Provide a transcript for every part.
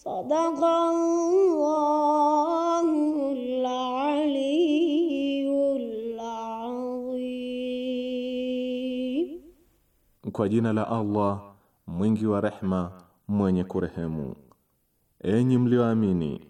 صدق الله العلي العظيم kwa jina la Allah mwingi wa rehma mwenye kurehemu enyi mlioamini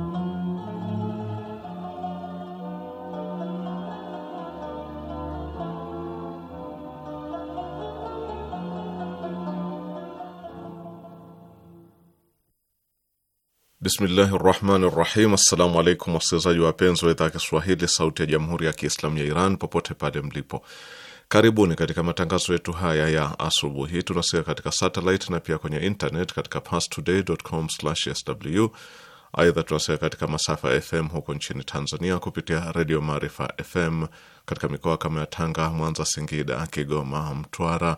Bismillahi rahmani rahim. Assalamu alaikum wasikilizaji wapenzi wa idhaa ya Kiswahili sauti ya jamhuri ya Kiislamu ya Iran popote pale mlipo, karibuni katika matangazo yetu haya ya asubuhi tunasika Tunasikia katika satelit na pia kwenye internet katika pastoday.com/sw. Aidha, tunasikia katika masafa ya FM huko nchini Tanzania kupitia redio Maarifa FM katika mikoa kama ya Tanga, Mwanza, Singida, Kigoma, Mtwara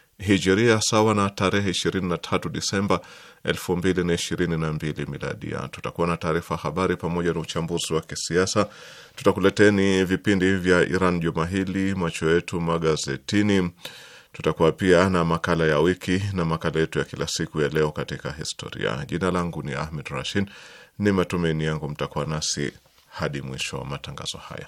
hijiria sawa na tarehe 23 Disemba 2022 miladia. Tutakuwa na taarifa habari pamoja na uchambuzi wa kisiasa. Tutakuleteni vipindi vya Iran juma hili, macho yetu magazetini. Tutakuwa pia na makala ya wiki na makala yetu ya kila siku ya leo katika historia. Jina langu ni Ahmed Rashid. Ni matumaini yangu mtakuwa nasi hadi mwisho wa matangazo haya.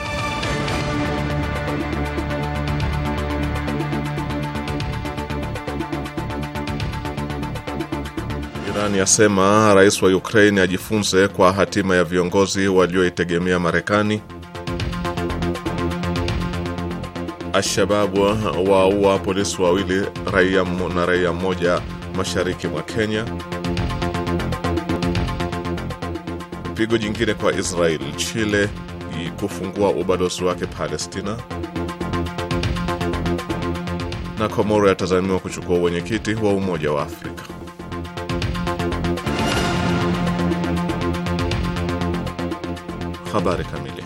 Irani yasema rais wa Ukraine ajifunze kwa hatima ya viongozi walioitegemea Marekani. Alshababu waua polisi wawili raia na raia mmoja mashariki mwa Kenya. Pigo jingine kwa Israel, Chile kufungua ubalozi wake Palestina, na Komoro yatazamiwa kuchukua uwenyekiti wa Umoja wa Afrika. Habari kamili.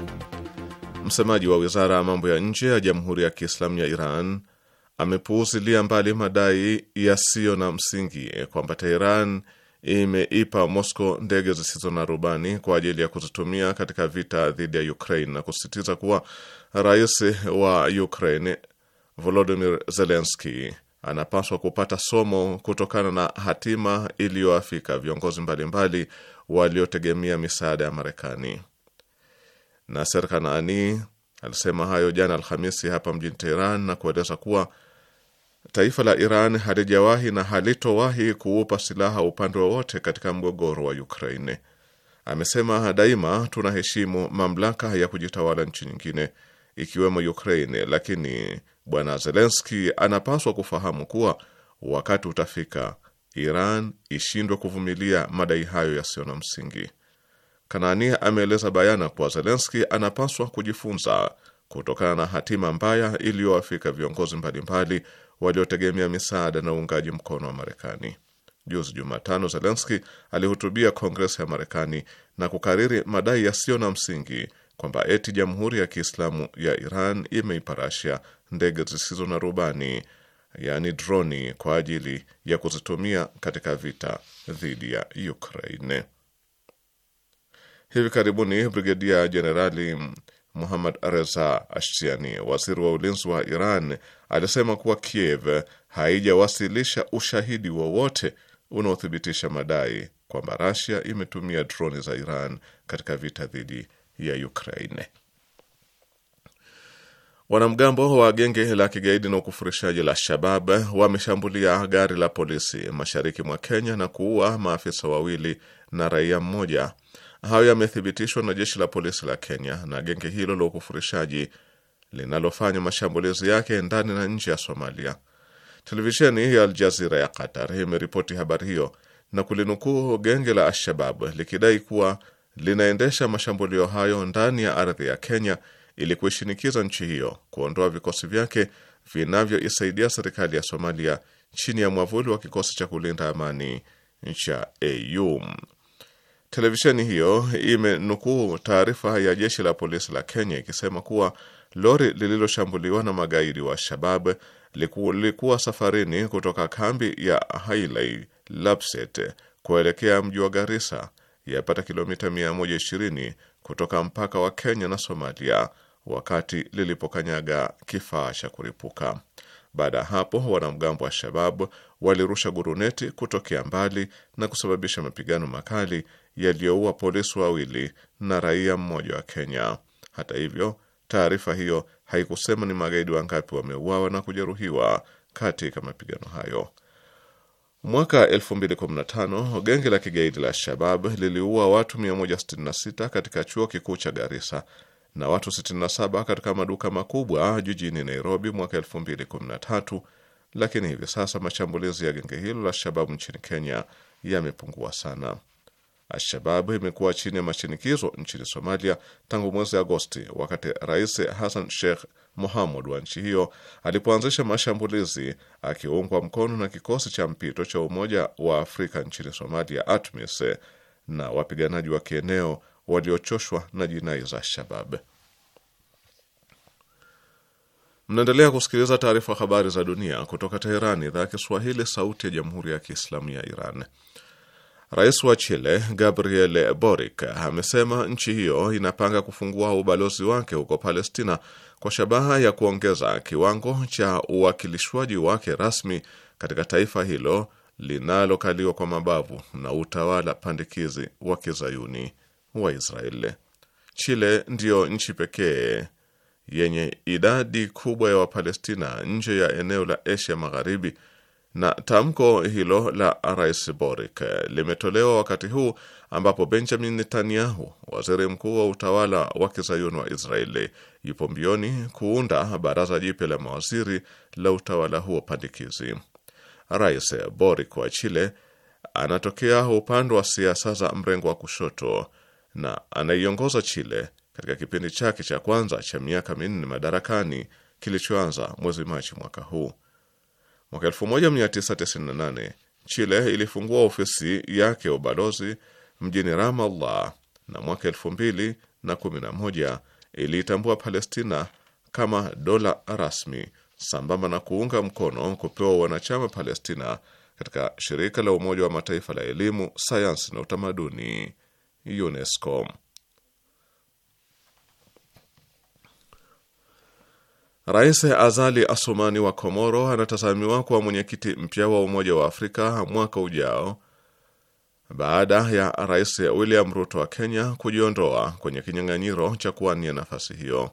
Msemaji wa wizara ya mambo ya nje ya Jamhuri ya Kiislamu ya Iran amepuuzilia mbali madai yasiyo na msingi kwamba Teheran imeipa Moscow ndege zisizo na rubani kwa ajili ya kuzitumia katika vita dhidi ya Ukraine na kusisitiza kuwa rais wa Ukraine Volodymyr Zelensky anapaswa kupata somo kutokana na hatima iliyoafika viongozi mbalimbali waliotegemea misaada ya Marekani. Naser Kanaani alisema hayo jana Alhamisi hapa mjini Teheran na kueleza kuwa taifa la Iran halijawahi na halitowahi kuupa silaha upande wowote katika mgogoro wa Ukraine. Amesema daima tunaheshimu mamlaka ya kujitawala nchi nyingine ikiwemo Ukraine, lakini Bwana Zelenski anapaswa kufahamu kuwa wakati utafika Iran ishindwe kuvumilia madai hayo yasiyo na msingi kanani ameeleza bayana kuwa Zelenski anapaswa kujifunza kutokana na hatima mbaya iliyowafika viongozi mbalimbali waliotegemea misaada na uungaji mkono wa Marekani. Juzi Jumatano, Zelenski alihutubia Kongresi ya Marekani na kukariri madai yasiyo na msingi kwamba eti Jamhuri ya Kiislamu ya Iran imeiparasha ndege zisizo na rubani, yaani droni, kwa ajili ya kuzitumia katika vita dhidi ya Ukraine. Hivi karibuni Brigedia Jenerali Muhammad Reza Ashtiani, waziri wa ulinzi wa Iran, alisema kuwa Kiev haijawasilisha ushahidi wowote unaothibitisha madai kwamba rasia imetumia droni za Iran katika vita dhidi ya Ukraine. Wanamgambo wa genge la kigaidi na ukufurishaji la Shabab wameshambulia gari la polisi mashariki mwa Kenya na kuua maafisa wawili na raia mmoja. Hayo yamethibitishwa na jeshi la polisi la Kenya na genge hilo la ukufurishaji linalofanya mashambulizi yake ndani na nje ya Somalia. Televisheni ya Aljazira ya Qatar imeripoti habari hiyo na kulinukuu genge la al-shabab likidai kuwa linaendesha mashambulio hayo ndani ya ardhi ya Kenya ili kuishinikiza nchi hiyo kuondoa vikosi vyake vinavyoisaidia serikali ya Somalia chini ya mwavuli wa kikosi cha kulinda amani cha AU. Televisheni hiyo imenukuu taarifa ya jeshi la polisi la Kenya ikisema kuwa lori lililoshambuliwa na magaidi wa Shabab lilikuwa safarini kutoka kambi ya Hailai Lapset kuelekea mji wa Garissa, yapata kilomita 120 kutoka mpaka wa Kenya na Somalia, wakati lilipokanyaga kifaa cha kuripuka. Baada ya hapo, wanamgambo wa Shabab walirusha guruneti kutokea mbali na kusababisha mapigano makali yaliyoua polisi wawili na raia mmoja wa Kenya. Hata hivyo, taarifa hiyo haikusema ni magaidi wangapi wameuawa na kujeruhiwa katika mapigano hayo. Mwaka 2015 genge la kigaidi la Shabab liliua watu 166 katika chuo kikuu cha Garissa na watu 67 katika maduka makubwa jijini Nairobi mwaka 2013 lakini hivi sasa mashambulizi ya genge hilo la Shababu nchini Kenya yamepungua sana. Alshababu imekuwa chini ya mashinikizo nchini Somalia tangu mwezi Agosti, wakati Rais Hassan Sheikh Mohamud wa nchi hiyo alipoanzisha mashambulizi akiungwa mkono na kikosi cha mpito cha Umoja wa Afrika nchini Somalia, ATMIS, na wapiganaji wa kieneo waliochoshwa na jinai za Shabab. Mnaendelea kusikiliza taarifa habari za dunia kutoka Teherani, idhaa ya Kiswahili, sauti ya jamhuri ya kiislamu ya Iran. Rais wa Chile Gabriel Boric amesema nchi hiyo inapanga kufungua ubalozi wake huko Palestina kwa shabaha ya kuongeza kiwango cha uwakilishwaji wake rasmi katika taifa hilo linalokaliwa kwa mabavu na utawala pandikizi wa kizayuni wa Israeli. Chile ndiyo nchi pekee yenye idadi kubwa ya Wapalestina nje ya eneo la Asia Magharibi, na tamko hilo la Rais Boric limetolewa wakati huu ambapo Benjamin Netanyahu, waziri mkuu wa utawala wa kizayuni wa Israeli, yupo mbioni kuunda baraza jipya la mawaziri la utawala huo pandikizi. Rais Boric wa Chile anatokea upande wa siasa za mrengo wa kushoto na anaiongoza Chile katika kipindi chake cha kwanza cha miaka minne madarakani kilichoanza mwezi Machi mwaka huu. Mwaka 1998 Chile ilifungua ofisi yake ya ubalozi mjini Ramallah, na mwaka 2011 iliitambua Palestina kama dola rasmi sambamba na kuunga mkono kupewa wanachama Palestina katika shirika la Umoja wa Mataifa la elimu, sayansi na utamaduni UNESCO. Rais Azali Asumani wa Komoro anatazamiwa kuwa mwenyekiti mpya wa Umoja wa Afrika mwaka ujao baada ya Rais William Ruto wa Kenya kujiondoa kwenye kinyang'anyiro cha kuwania nafasi hiyo.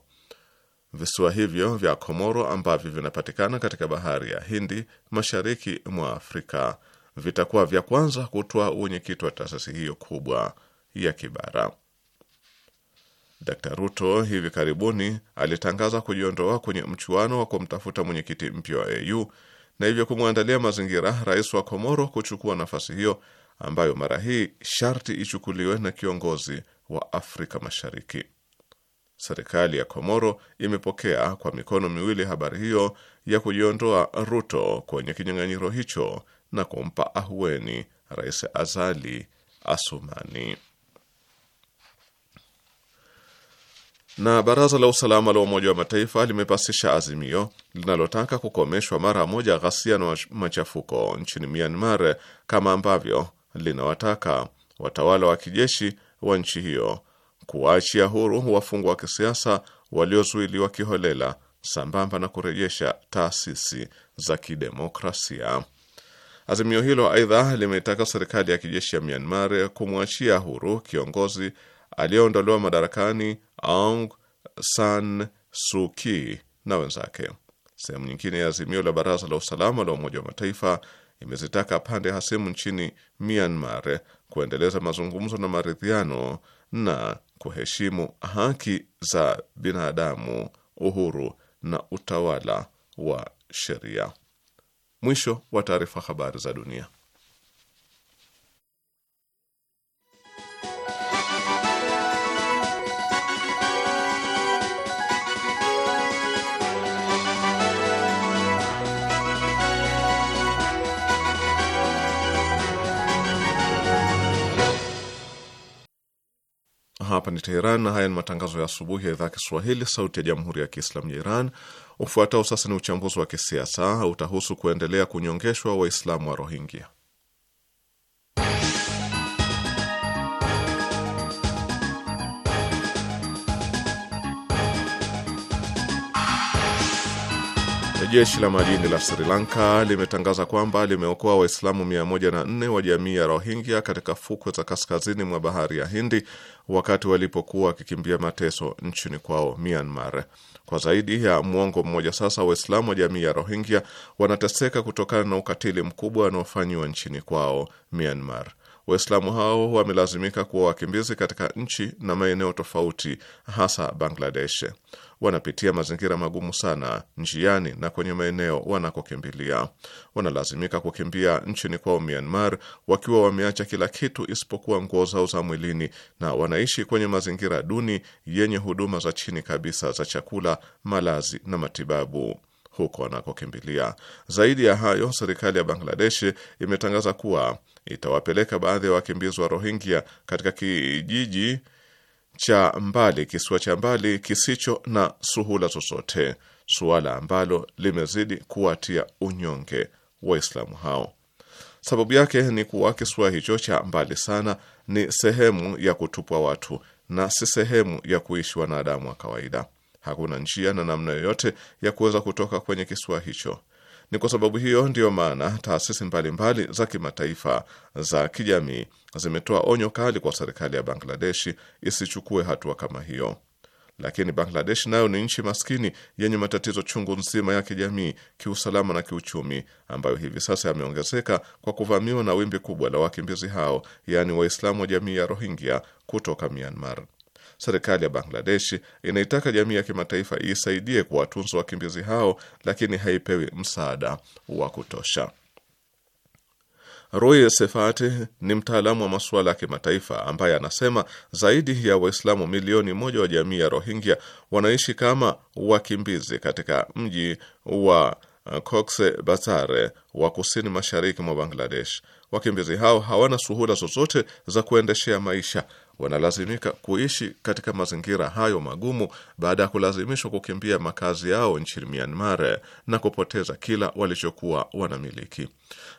Visiwa hivyo vya Komoro ambavyo vinapatikana katika bahari ya Hindi mashariki mwa Afrika vitakuwa vya kwanza kutoa uwenyekiti wa taasisi hiyo kubwa ya kibara d Ruto hivi karibuni alitangaza kujiondoa kwenye mchuano wa kumtafuta mwenyekiti mpya wa AU na hivyo kumwandalia mazingira rais wa Komoro kuchukua nafasi hiyo ambayo mara hii sharti ichukuliwe na kiongozi wa Afrika Mashariki. Serikali ya Komoro imepokea kwa mikono miwili habari hiyo ya kujiondoa Ruto kwenye kinyang'anyiro hicho na kumpa ahueni Rais Azali Asumani. Na Baraza la Usalama la Umoja wa Mataifa limepasisha azimio linalotaka kukomeshwa mara moja ghasia na machafuko nchini Myanmar kama ambavyo linawataka watawala wa kijeshi wa nchi hiyo kuwaachia huru wafungwa wa kisiasa waliozuiliwa kiholela sambamba na kurejesha taasisi za kidemokrasia. Azimio hilo aidha limetaka serikali ya kijeshi ya Myanmar kumwachia huru kiongozi aliyeondolewa madarakani Aung San Suu Kyi na wenzake. Sehemu nyingine ya azimio la Baraza la Usalama la Umoja wa Mataifa imezitaka pande hasimu nchini Myanmar kuendeleza mazungumzo na maridhiano na kuheshimu haki za binadamu, uhuru na utawala wa sheria. Mwisho wa taarifa. Habari za dunia. Hapa ni Teheran na haya ni matangazo ya asubuhi ya idhaa ya Kiswahili, sauti ya jamhuri ya kiislamu ya Iran. Ufuatao sasa ni uchambuzi wa kisiasa, utahusu kuendelea kunyongeshwa Waislamu wa Rohingya. Jeshi la majini la Sri Lanka limetangaza kwamba limeokoa Waislamu 104 wa jamii ya Rohingya katika fukwe za kaskazini mwa bahari ya Hindi wakati walipokuwa wakikimbia mateso nchini kwao Myanmar. Kwa zaidi ya mwongo mmoja sasa, Waislamu wa jamii ya Rohingya wanateseka kutokana na ukatili mkubwa wanaofanyiwa nchini kwao Myanmar. Waislamu hao wamelazimika kuwa wakimbizi katika nchi na maeneo tofauti, hasa Bangladesh. Wanapitia mazingira magumu sana njiani na kwenye maeneo wanakokimbilia. Wanalazimika kukimbia nchini kwao Myanmar wakiwa wameacha kila kitu isipokuwa nguo zao za mwilini, na wanaishi kwenye mazingira duni yenye huduma za chini kabisa za chakula, malazi na matibabu huko wanakokimbilia. Zaidi ya hayo, serikali ya Bangladesh imetangaza kuwa itawapeleka baadhi ya wakimbizi wa Rohingya katika kijiji cha mbali, kisiwa cha mbali kisicho na suhula zozote, suala ambalo limezidi kuwatia unyonge Waislamu hao. Sababu yake ni kuwa kisiwa hicho cha mbali sana ni sehemu ya kutupwa watu na si sehemu ya kuishi wanadamu wa kawaida. Hakuna njia na namna yoyote ya kuweza kutoka kwenye kisiwa hicho. Ni kwa sababu hiyo ndiyo maana taasisi mbalimbali za kimataifa za kijamii zimetoa onyo kali kwa serikali ya Bangladeshi isichukue hatua kama hiyo. Lakini Bangladesh nayo ni nchi maskini yenye matatizo chungu nzima ya kijamii, kiusalama na kiuchumi, ambayo hivi sasa yameongezeka kwa kuvamiwa na wimbi kubwa la wakimbizi hao, yaani Waislamu wa jamii ya Rohingya kutoka Myanmar serikali ya Bangladesh inaitaka jamii ya kimataifa isaidie kuwatunza wakimbizi hao, lakini haipewi msaada wa kutosha. Roy Sefati ni mtaalamu wa masuala ya kimataifa ambaye anasema zaidi ya Waislamu milioni moja wa jamii ya Rohingya wanaishi kama wakimbizi katika mji wa uh, Cox Bazar wa kusini mashariki mwa Bangladesh. Wakimbizi hao hawana suhula zozote za kuendeshea maisha wanalazimika kuishi katika mazingira hayo magumu baada ya kulazimishwa kukimbia makazi yao nchini Myanmar na kupoteza kila walichokuwa wanamiliki.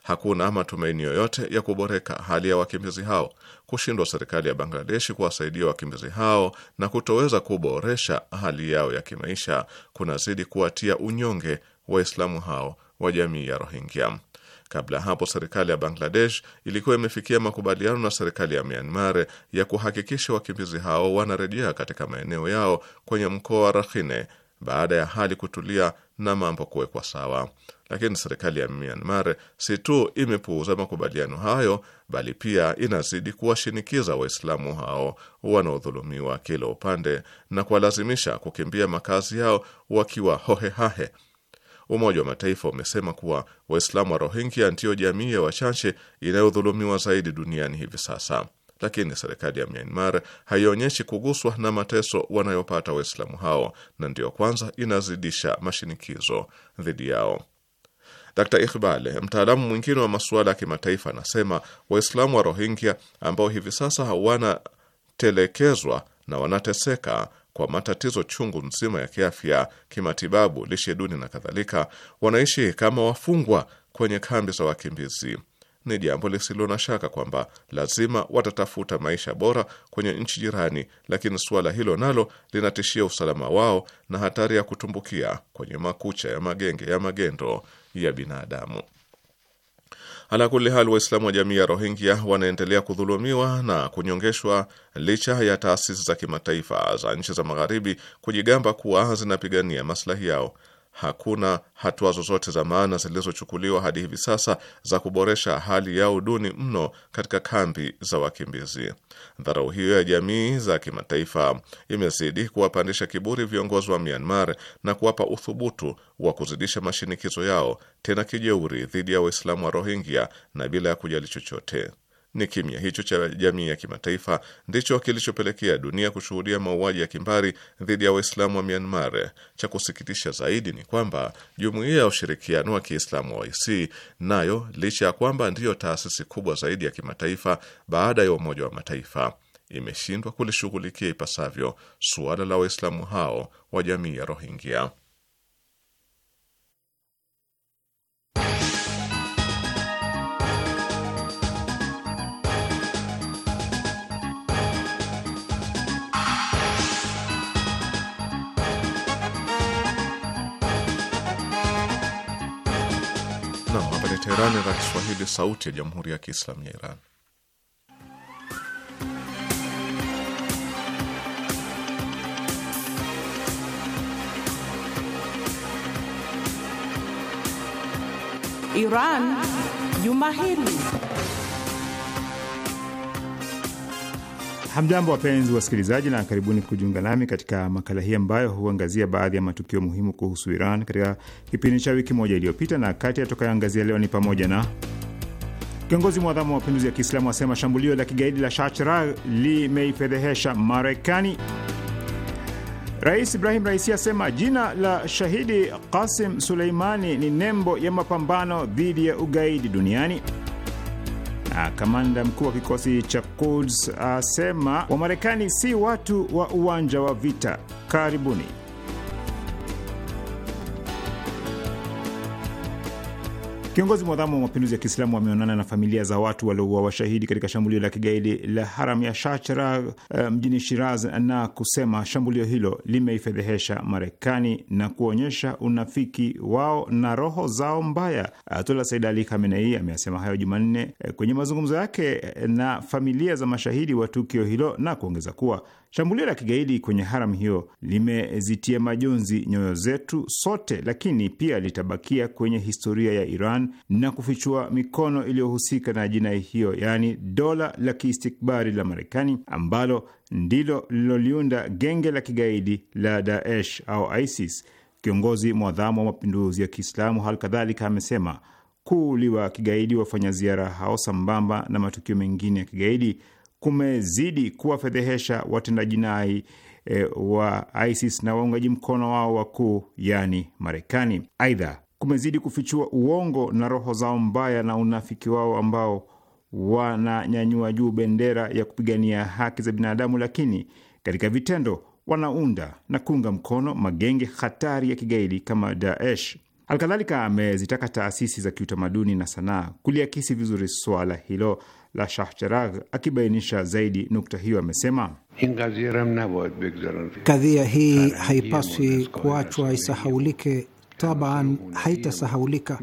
Hakuna matumaini yoyote ya kuboreka hali ya wakimbizi hao. Kushindwa serikali ya Bangladeshi kuwasaidia wakimbizi hao na kutoweza kuboresha hali yao ya kimaisha kunazidi kuwatia unyonge Waislamu hao wa jamii ya Rohingya. Kabla ya hapo, serikali ya Bangladesh ilikuwa imefikia makubaliano na serikali ya Myanmar ya kuhakikisha wakimbizi hao wanarejea katika maeneo yao kwenye mkoa wa Rakhine baada ya hali kutulia na mambo kuwekwa sawa. Lakini serikali ya Myanmar si tu imepuuza makubaliano hayo, bali pia inazidi kuwashinikiza Waislamu hao wanaodhulumiwa kila upande na kuwalazimisha kukimbia makazi yao wakiwa hohehahe Umoja wa Mataifa umesema kuwa Waislamu wa Rohingya ndiyo jamii ya wachache inayodhulumiwa zaidi duniani hivi sasa, lakini serikali ya Myanmar haionyeshi kuguswa na mateso wanayopata Waislamu hao na ndiyo kwanza inazidisha mashinikizo dhidi yao. Dr Ikbal, mtaalamu mwingine wa masuala ya kimataifa, anasema Waislamu wa Rohingya ambao hivi sasa wanatelekezwa na wanateseka kwa matatizo chungu nzima ya kiafya, kimatibabu, lishe duni na kadhalika, wanaishi kama wafungwa kwenye kambi za wakimbizi. Ni jambo lisilo na shaka kwamba lazima watatafuta maisha bora kwenye nchi jirani, lakini suala hilo nalo linatishia usalama wao na hatari ya kutumbukia kwenye makucha ya magenge ya magendo ya binadamu kuli hali Waislamu wa jamii ya Rohingya wanaendelea kudhulumiwa na kunyongeshwa licha ya taasisi za kimataifa za nchi za magharibi kujigamba kuwa zinapigania maslahi yao hakuna hatua zozote za maana zilizochukuliwa hadi hivi sasa za kuboresha hali yao duni mno katika kambi za wakimbizi. Dharau hiyo ya jamii za kimataifa imezidi kuwapandisha kiburi viongozi wa Myanmar na kuwapa uthubutu wa kuzidisha mashinikizo yao tena kijeuri dhidi ya Waislamu wa Rohingya na bila ya kujali chochote. Ni kimya hicho cha jamii ya kimataifa ndicho kilichopelekea dunia kushuhudia mauaji ya kimbari dhidi ya Waislamu wa Myanmar. Cha kusikitisha zaidi ni kwamba Jumuiya ya Ushirikiano wa Kiislamu wa OIC nayo, licha ya kwamba ndiyo taasisi kubwa zaidi ya kimataifa baada ya Umoja wa Mataifa, imeshindwa kulishughulikia ipasavyo suala la Waislamu hao wa jamii ya Rohingya. Teherani za Kiswahili, sauti ya jamhuri ya kiislamu ya Iran. Iran Juma Hili. Hamjambo, wapenzi wasikilizaji, na karibuni kujiunga nami katika makala hii ambayo huangazia baadhi ya matukio muhimu kuhusu Iran katika kipindi cha wiki moja iliyopita, na kati tokayoangazia leo ni pamoja na kiongozi mwadhamu wa mapinduzi ya Kiislamu asema shambulio la kigaidi la Shachra limeifedhehesha Marekani. Rais Ibrahim Raisi asema jina la shahidi Qasim Suleimani ni nembo ya mapambano dhidi ya ugaidi duniani. Ah, kamanda mkuu wa kikosi cha Quds asema Wamarekani si watu wa uwanja wa vita. Karibuni. Kiongozi mwadhamu wa mapinduzi ya Kiislamu wameonana na familia za watu waliouawa washahidi katika shambulio la kigaidi la haram ya Shachra eh, mjini Shiraz na kusema shambulio hilo limeifedhehesha Marekani na kuonyesha unafiki wao na roho zao mbaya. Ayatullah Said Ali Khamenei ameyasema hayo Jumanne eh, kwenye mazungumzo yake na familia za mashahidi wa tukio hilo na kuongeza kuwa Shambulio la kigaidi kwenye haram hiyo limezitia majonzi nyoyo zetu sote, lakini pia litabakia kwenye historia ya Iran na kufichua mikono iliyohusika na jinai hiyo, yaani dola la kiistikbari la Marekani ambalo ndilo liloliunda genge la kigaidi la Daesh au ISIS. Kiongozi mwadhamu wa mapinduzi ya Kiislamu hali kadhalika amesema kuuliwa kigaidi wafanya ziara hao sambamba na matukio mengine ya kigaidi kumezidi kuwafedhehesha watenda jinai e, wa ISIS na waungaji mkono wao wakuu, yaani Marekani. Aidha, kumezidi kufichua uongo na roho zao mbaya na unafiki wao ambao wananyanyua juu bendera ya kupigania haki za binadamu, lakini katika vitendo wanaunda na kuunga mkono magenge hatari ya kigaidi kama Daesh. Halikadhalika amezitaka taasisi za kiutamaduni na sanaa kuliakisi vizuri swala hilo la Shahcheragh. Akibainisha zaidi nukta hiyo, amesema kadhia hii haipaswi kuachwa isahaulike tabaan haitasahaulika.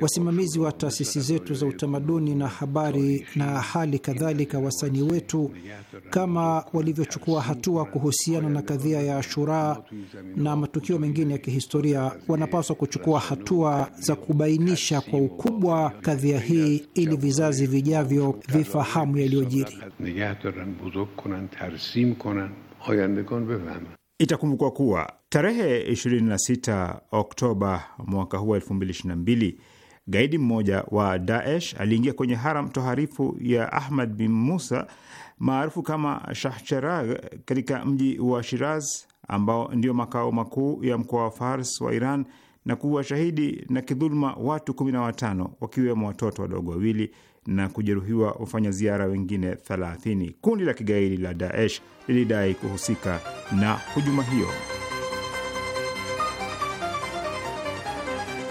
Wasimamizi wa taasisi zetu za utamaduni na habari na hali kadhalika wasanii wetu, kama walivyochukua hatua kuhusiana na kadhia ya Ashura na matukio mengine ya kihistoria, wanapaswa kuchukua hatua za kubainisha kwa ukubwa kadhia hii ili vizazi vijavyo vifahamu yaliyojiri. Itakumbukwa kuwa tarehe 26 Oktoba mwaka huu 2022 gaidi mmoja wa Daesh aliingia kwenye haram toharifu ya Ahmad bin Musa maarufu kama Shahcheragh katika mji wa Shiraz ambao ndio makao makuu ya mkoa wa Fars wa Iran na kuwashahidi na kidhuluma watu 15 wakiwemo watoto wadogo wawili na kujeruhiwa wafanya ziara wengine 30. Kundi la kigaidi la Daesh lilidai kuhusika na hujuma hiyo.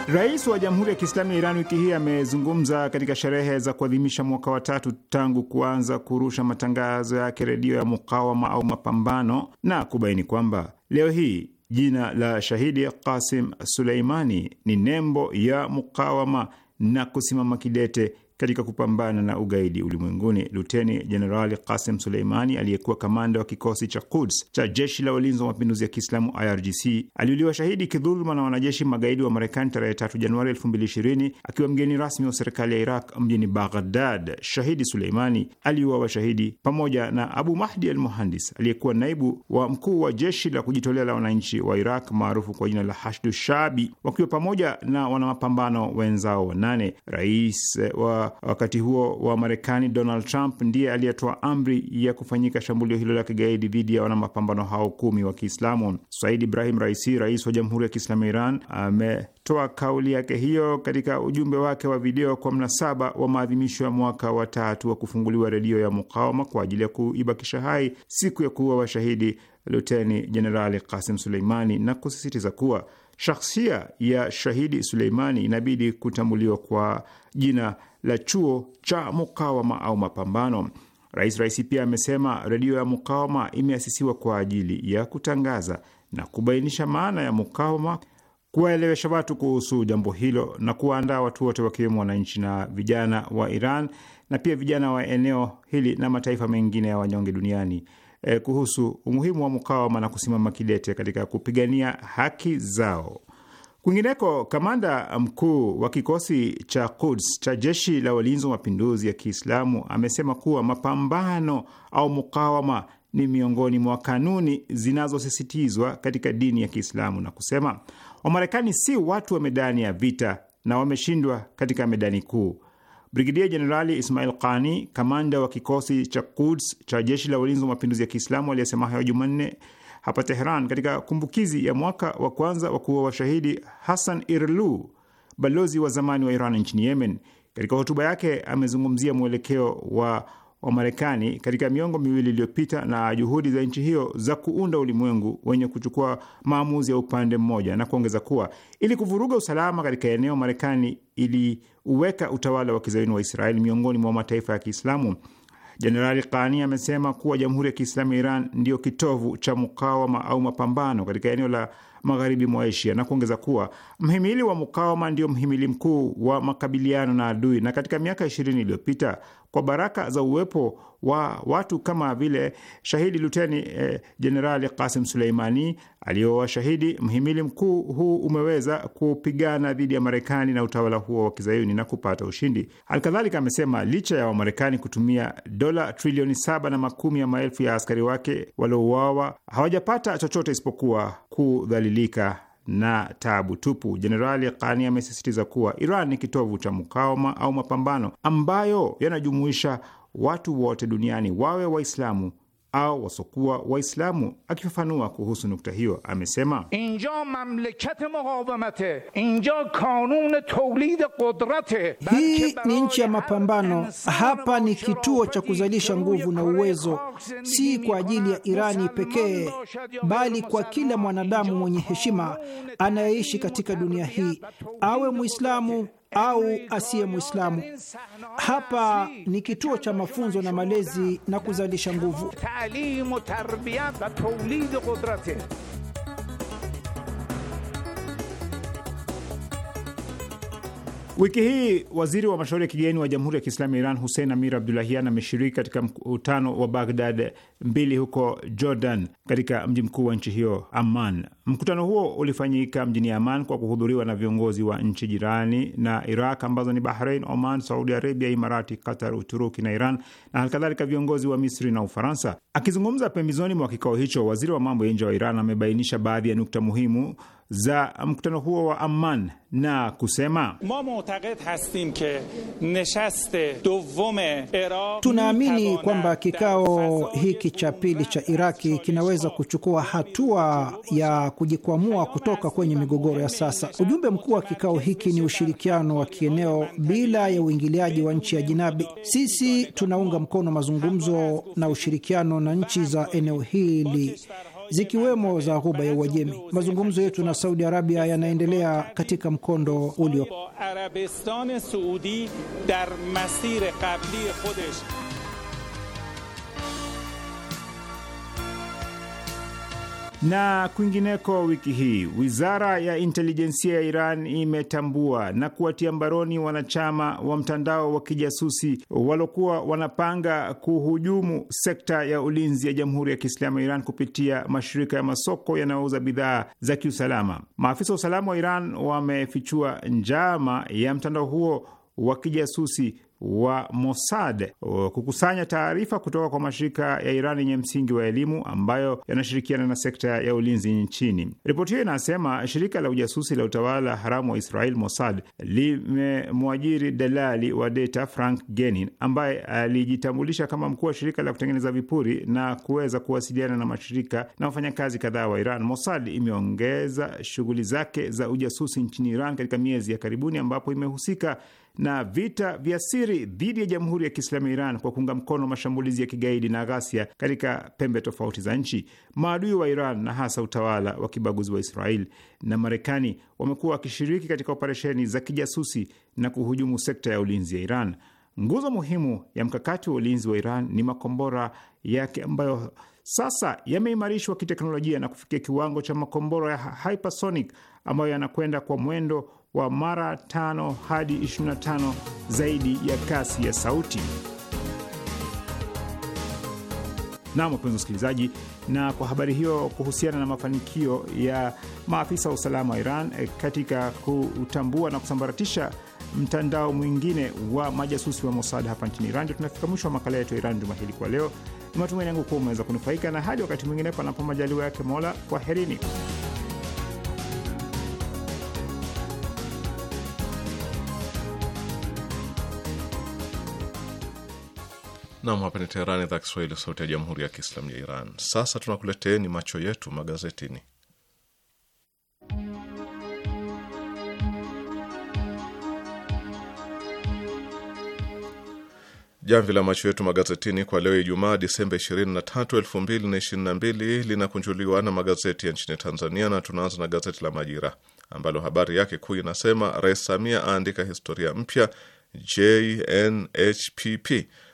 Rais wa Jamhuri ya Kiislamu ya Iran wiki hii amezungumza katika sherehe za kuadhimisha mwaka wa tatu tangu kuanza kurusha matangazo yake redio ya mukawama au mapambano na kubaini kwamba leo hii jina la shahidi Qasim Suleimani ni nembo ya mukawama na kusimama kidete katika kupambana na ugaidi ulimwenguni. Luteni Jenerali Kasim Suleimani aliyekuwa kamanda wa kikosi cha Quds cha jeshi la ulinzi wa mapinduzi ya Kiislamu IRGC aliuliwa shahidi kidhuluma na wanajeshi magaidi wa Marekani tarehe 3 Januari 2020 akiwa mgeni rasmi wa serikali ya Iraq mjini Baghdad. Shahidi Suleimani aliuawa shahidi pamoja na Abu Mahdi al Muhandis aliyekuwa naibu wa mkuu wa jeshi la kujitolea la wananchi wa Iraq maarufu kwa jina la Hashdu Shabi wakiwa pamoja na wanamapambano wenzao wanane. Rais wa wakati huo wa Marekani, Donald Trump ndiye aliyetoa amri ya kufanyika shambulio hilo la kigaidi dhidi ya wanamapambano hao kumi wa Kiislamu. Said Ibrahim Raisi, rais wa Jamhuri ya Kiislamu ya Iran, ametoa kauli yake hiyo katika ujumbe wake wa video kwa mnasaba wa maadhimisho ya mwaka wa tatu wa kufunguliwa redio ya Mukawama kwa ajili ya kuibakisha hai siku ya kuua washahidi Luteni Jenerali Kasim Suleimani na kusisitiza kuwa shakhsia ya shahidi Suleimani inabidi kutambuliwa kwa jina la chuo cha mukawama au mapambano. Rais Raisi pia amesema redio ya mukawama imeasisiwa kwa ajili ya kutangaza na kubainisha maana ya mukawama, kuwaelewesha watu kuhusu jambo hilo na kuwaandaa watu wote wakiwemo wananchi na vijana wa Iran na pia vijana wa eneo hili na mataifa mengine ya wanyonge duniani eh, kuhusu umuhimu wa mukawama na kusimama kidete katika kupigania haki zao. Kwingineko, kamanda mkuu wa kikosi cha Quds cha jeshi la walinzi wa mapinduzi ya Kiislamu amesema kuwa mapambano au mukawama ni miongoni mwa kanuni zinazosisitizwa katika dini ya Kiislamu na kusema Wamarekani si watu wa medani ya vita na wameshindwa katika medani kuu. Brigedia Jenerali Ismail Qani, kamanda wa kikosi cha Quds cha jeshi la walinzi wa mapinduzi ya Kiislamu, aliyesema hayo Jumanne hapa Teheran. Katika kumbukizi ya mwaka wa kwanza wa kuwa washahidi Hassan Irlu, balozi wa zamani wa Iran nchini Yemen, katika hotuba yake amezungumzia mwelekeo wa Wamarekani katika miongo miwili iliyopita na juhudi za nchi hiyo za kuunda ulimwengu wenye kuchukua maamuzi ya upande mmoja, na kuongeza kuwa ili kuvuruga usalama katika eneo, Marekani iliuweka utawala wa kizayuni wa Israeli miongoni mwa mataifa ya Kiislamu Jenerali Kani amesema kuwa Jamhuri ya Kiislamu ya Iran ndiyo kitovu cha mukawama au mapambano katika eneo la magharibi mwa Asia na kuongeza kuwa mhimili wa mukawama ndio mhimili mkuu wa makabiliano na adui, na katika miaka ishirini iliyopita kwa baraka za uwepo wa watu kama vile shahidi luteni eh, jenerali eh, Kasim Suleimani aliyowashahidi. Mhimili mkuu huu umeweza kupigana dhidi ya Marekani na utawala huo wa kizayuni na kupata ushindi. Halikadhalika amesema licha ya Wamarekani kutumia dola trilioni saba na makumi ya maelfu ya askari wake waliouawa hawajapata chochote isipokuwa kudhalilika na tabu tupu. Jenerali Kani amesisitiza kuwa Iran ni kitovu cha mukawama au mapambano ambayo yanajumuisha watu wote duniani, wawe Waislamu au wasokuwa Waislamu. Akifafanua kuhusu nukta hiyo amesema, inja mamlakat muqawamate inja kanun tawlid qudrate, hii ni nchi ya mapambano, hapa ni kituo cha kuzalisha nguvu na uwezo, si kwa ajili ya Irani pekee, bali kwa kila mwanadamu mwenye heshima anayeishi katika dunia hii, awe Muislamu au asiye Mwislamu. Hapa ni kituo cha mafunzo na malezi na kuzalisha nguvu. Wiki hii waziri wa mashauri ya kigeni wa Jamhuri ya Kiislamu ya Iran Hussein Amir Abdulahian ameshiriki katika mkutano wa Baghdad mbili huko Jordan, katika mji mkuu wa nchi hiyo Amman. Mkutano huo ulifanyika mjini Amman kwa kuhudhuriwa na viongozi wa nchi jirani na Iraq ambazo ni Bahrain, Oman, Saudi Arabia, Imarati, Qatar, Uturuki na Iran na halikadhalika viongozi wa Misri na Ufaransa. Akizungumza pembezoni mwa kikao hicho, waziri wa mambo ya nje wa Iran amebainisha baadhi ya nukta muhimu za mkutano huo wa Amman na kusema tunaamini kwamba kikao hiki cha pili cha Iraki kinaweza kuchukua hatua ya kujikwamua kutoka kwenye migogoro ya sasa. Ujumbe mkuu wa kikao hiki ni ushirikiano wa kieneo bila ya uingiliaji wa nchi ya jinabi. Sisi tunaunga mkono mazungumzo na ushirikiano na nchi za eneo hili zikiwemo za ghuba ya Uajemi. Mazungumzo yetu na Saudi Arabia yanaendelea katika mkondo ulio Na kwingineko, wiki hii wizara ya intelijensia ya Iran imetambua na kuwatia mbaroni wanachama wa mtandao wa kijasusi waliokuwa wanapanga kuhujumu sekta ya ulinzi ya Jamhuri ya Kiislamu ya Iran kupitia mashirika ya masoko yanayouza bidhaa za kiusalama. Maafisa wa usalama wa Iran wamefichua njama ya mtandao huo wa kijasusi wa Mossad uh, kukusanya taarifa kutoka kwa mashirika ya Iran yenye msingi wa elimu ambayo yanashirikiana na sekta ya ulinzi nchini. Ripoti hiyo inasema shirika la ujasusi la utawala haramu wa Israel Mossad limemwajiri dalali wa data Frank Genin ambaye alijitambulisha kama mkuu wa shirika la kutengeneza vipuri na kuweza kuwasiliana na mashirika na wafanyakazi kadhaa wa Iran. Mossad imeongeza shughuli zake za ujasusi nchini Iran katika miezi ya karibuni ambapo imehusika na vita vya siri Misri dhidi ya Jamhuri ya Kiislamu ya Iran kwa kuunga mkono mashambulizi ya kigaidi na ghasia katika pembe tofauti za nchi. Maadui wa Iran na hasa utawala wa kibaguzi wa Israel na Marekani wamekuwa wakishiriki katika operesheni za kijasusi na kuhujumu sekta ya ulinzi ya Iran. Nguzo muhimu ya mkakati wa ulinzi wa Iran ni makombora yake ambayo sasa yameimarishwa kiteknolojia na kufikia kiwango cha makombora ya hypersonic ambayo yanakwenda kwa mwendo wa mara 5 hadi 25 zaidi ya kasi ya sauti. Nam, wapenzi msikilizaji, na kwa habari hiyo kuhusiana na mafanikio ya maafisa wa usalama wa Iran eh, katika kutambua na kusambaratisha mtandao mwingine wa majasusi wa Mossad hapa nchini Iran, ndio tunafika mwisho wa makala yetu ya Iran juma hili kwa leo. Ni matumaini yangu kuwa umeweza kunufaika, na hadi wakati mwingine, panapo majaliwa yake Mola, kwaherini. Nam, hapa ni Teherani, idhaa Kiswahili, sauti ya jamhuri ya kiislamu ya Iran. Sasa tunakuleteeni macho yetu magazetini. Jamvi la macho yetu magazetini kwa leo Ijumaa, Disemba 23, 2022 linakunjuliwa na magazeti ya nchini Tanzania, na tunaanza na gazeti la Majira ambalo habari yake kuu inasema Rais Samia aandika historia mpya JNHPP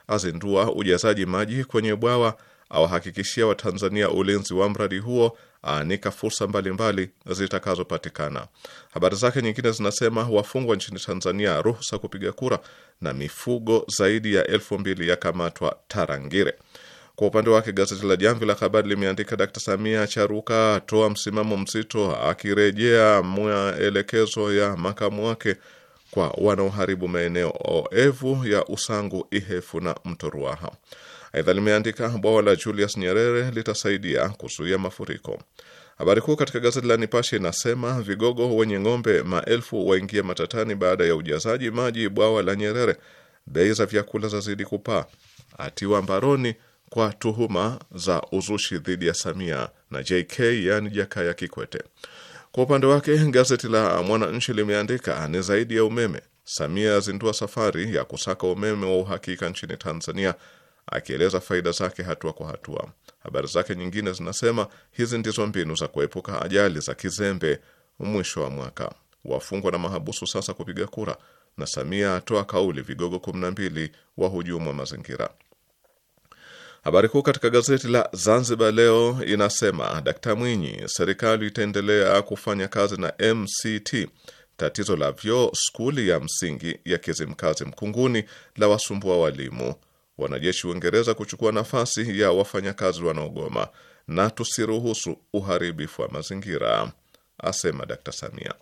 azindua ujazaji maji kwenye bwawa, awahakikishia Watanzania ulinzi wa mradi huo, aanika fursa mbalimbali zitakazopatikana. Habari zake nyingine zinasema wafungwa nchini Tanzania ruhusa kupiga kura, na mifugo zaidi ya elfu mbili yakamatwa Tarangire. Kwa upande wake gazeti la Jamvi la Habari limeandika Dkt Samia Charuka toa msimamo mzito akirejea maelekezo ya makamu wake kwa wanaoharibu maeneo oevu ya Usangu, Ihefu na mto Ruaha. Aidha limeandika bwawa la Julius Nyerere litasaidia kuzuia mafuriko. Habari kuu katika gazeti la Nipashe inasema vigogo wenye ng'ombe maelfu waingia matatani baada ya ujazaji maji bwawa la Nyerere. Bei za vyakula zazidi kupaa. Atiwa mbaroni kwa tuhuma za uzushi dhidi ya Samia na JK, yaani Jakaya Kikwete. Kwa upande wake gazeti la Mwananchi limeandika ni zaidi ya umeme, Samia azindua safari ya kusaka umeme wa uhakika nchini Tanzania, akieleza faida zake hatua kwa hatua. Habari zake nyingine zinasema hizi ndizo mbinu za kuepuka ajali za kizembe mwisho wa mwaka, wafungwa na mahabusu sasa kupiga kura, na Samia atoa kauli vigogo 12 wa hujumu wa mazingira. Habari kuu katika gazeti la Zanzibar Leo inasema Dkt Mwinyi, serikali itaendelea kufanya kazi na MCT. Tatizo la vyoo skuli ya msingi ya Kizimkazi Mkunguni la wasumbua walimu. Wanajeshi Uingereza kuchukua nafasi ya wafanyakazi wanaogoma, na tusiruhusu uharibifu wa mazingira, asema Dkt Samia.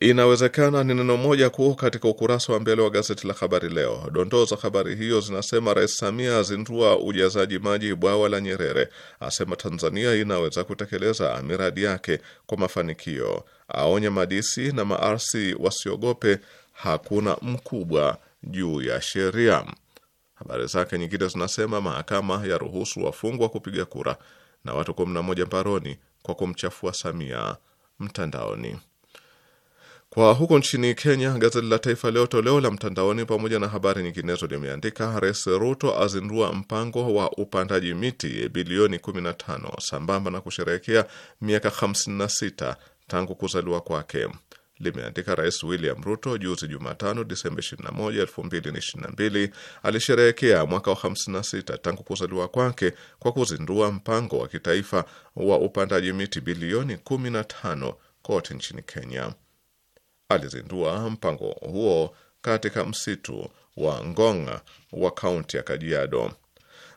Inawezekana ni neno moja kuu katika ukurasa wa mbele wa gazeti la Habari Leo. Dondoo za habari hiyo zinasema: Rais Samia azindua ujazaji maji bwawa la Nyerere, asema Tanzania inaweza kutekeleza miradi yake kwa mafanikio, aonya madisi na maarsi wasiogope, hakuna mkubwa juu ya sheria. Habari zake nyingine zinasema mahakama ya ruhusu wafungwa kupiga kura, na watu 11 mbaroni kwa kumchafua Samia mtandaoni. Kwa huko nchini Kenya, gazeti la Taifa Leo toleo la mtandaoni, pamoja na habari nyinginezo, limeandika Rais Ruto azindua mpango wa upandaji miti bilioni 15 sambamba na kusherehekea miaka 56 tangu kuzaliwa kwake. Limeandika Rais William Ruto juzi Jumatano, Disemba 21, 2022 alisherehekea mwaka wa 56 tangu kuzaliwa kwake kwa kuzindua mpango wa kitaifa wa upandaji miti bilioni 15 kote nchini Kenya alizindua mpango huo katika msitu wa Ngonga wa kaunti ya Kajiado.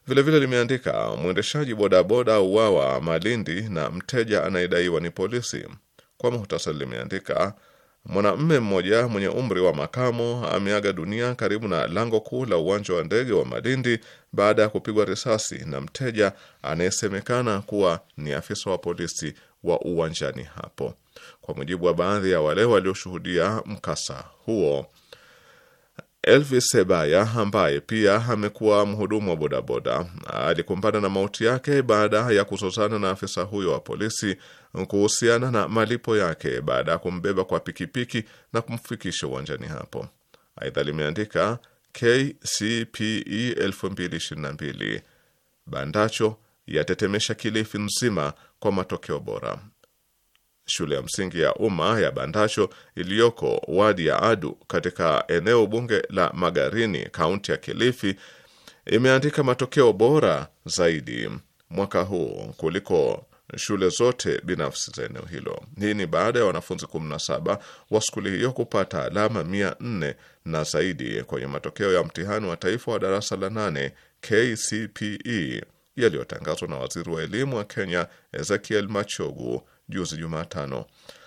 Vilevile limeandika mwendeshaji bodaboda uwawa Malindi na mteja anayedaiwa ni polisi. Kwa muhtasari, limeandika mwanamume mmoja mwenye umri wa makamo ameaga dunia karibu na lango kuu la uwanja wa ndege wa Malindi baada ya kupigwa risasi na mteja anayesemekana kuwa ni afisa wa polisi wa uwanjani hapo. Kwa mujibu wa baadhi ya wale walioshuhudia mkasa huo, Elvis Sebaya ambaye pia amekuwa mhudumu wa bodaboda alikumbana na mauti yake baada ya kuzozana na afisa huyo wa polisi kuhusiana na malipo yake baada ya kumbeba kwa pikipiki na kumfikisha uwanjani hapo. Aidha limeandika KCPE 2022 Bandacho yatetemesha Kilifi nzima kwa matokeo bora shule ya msingi ya umma ya Bandasho iliyoko wadi ya Adu katika eneo bunge la Magarini, kaunti ya Kilifi, imeandika matokeo bora zaidi mwaka huu kuliko shule zote binafsi za eneo hilo. Hii ni baada ya wanafunzi 17 wa skuli hiyo kupata alama mia nne na zaidi kwenye matokeo ya mtihani wa taifa wa darasa la 8 KCPE yaliyotangazwa na waziri wa elimu wa Kenya Ezekiel Machogu juzi Jumatano.